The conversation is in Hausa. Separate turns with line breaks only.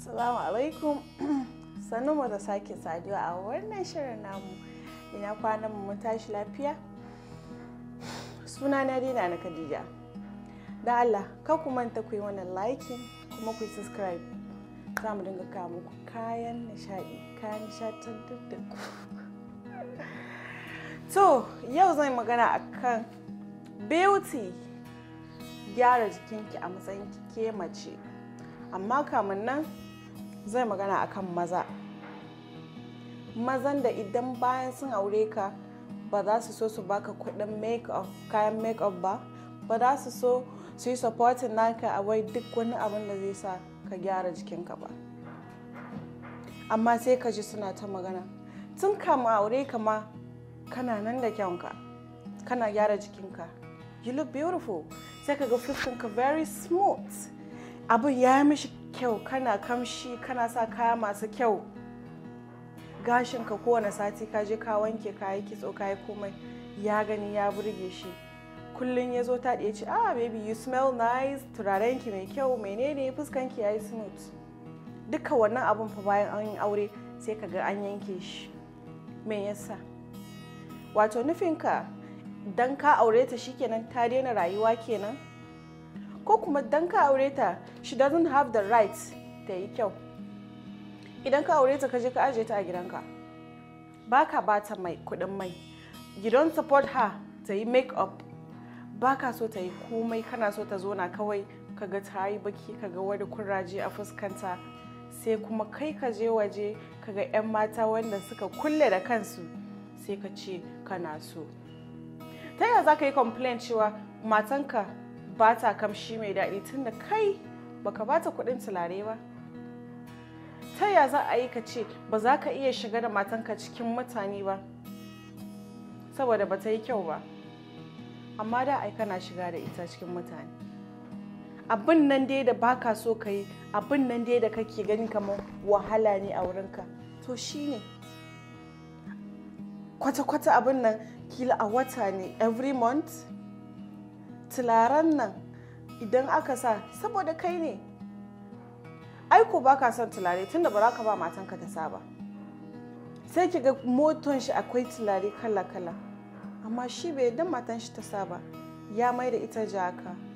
Assalamu alaikum sannunmu da sake saduwa a wannan shirin namu ina kwanan mu tashi lafiya suna na dina na Khadija da Allah ka ku manta ku yi wannan liking kuma ku subscribe za mu dinga kawo muku kayan nishaɗi kayan duk da ku to yau zan magana akan beauty gyara jikinki a matsayin ke mace amma kamun nan zai magana akan maza mazan da idan bayan sun aure ka ba za su so su baka kudin make-up kayan make-up ba ba za su so su yi supporting naka a wai duk wani abin da zai sa ka gyara jikinka ba amma sai ka ji suna ta magana tun kama aure ka ma kana nan da kyanka kana gyara jikinka you look beautiful sai ka ga fuskanka very smooth abu ya mishi kyau kana kamshi kana sa kaya masu kyau gashinka kowane sati ka je ka wanke ka yi kitso ka yi komai ya gani ya burge shi kullum ya zo ta ce ah baby you smell nice turarenki mai kyau menene fuskan ki yayi smooth duka wannan abun fa bayan an yi aure sai ka ga an yanke shi me yasa wato nufinka dan ka aure ta shikenan ta daina rayuwa kenan ko kuma dan ka aure ta she doesn't have the right ta yi kyau idan ka aure ta ka je ka aje ta a gidanka ka ba ta mai kudin mai you don't support her ta yi make up Ba ka so ta yi komai kana so ta zo na kawai ga ta yi baki ka ga wani kuraje a fuskanta sai kuma kai ka je waje ka ga 'yan mata wanda suka kulle da kansu sai ka ce kana so ta yaya za ka yi complain cewa matanka ba ta kamshi mai daɗi tun da kai baka ba ta kuɗin tulare ba ta ya za a yi ka ce ba za ka iya shiga da matanka cikin mutane ba saboda ba ta yi kyau ba amma da ai kana shiga da ita cikin mutane abin nan dai da baka so ka yi abin nan dai da kake ganin kamar wahala ne a wurinka to shine ne kwata-kwata abin nan kila a wata ne every month tularan nan idan aka sa saboda kai ne ai ko ba ka son tulare tunda ba za ka ba matanka ta saba sai ki ga moton shi akwai tulare kala-kala amma shi bai dan matan shi ta saba ya mai da ita jaka